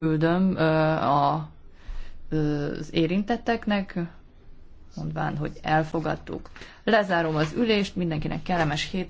küldöm a, az érintetteknek, mondván, hogy elfogadtuk. Lezárom az ülést, mindenkinek kellemes hét.